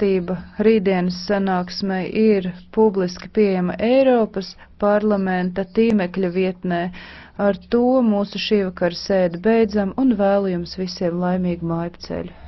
kārtība rītdienas sanāksmai ir publiski pieejama Eiropas parlamenta tīmekļa vietnē. Ar to mūsu šī vakara sēde beidzam un vēlu jums visiem laimīgu mājapceļu.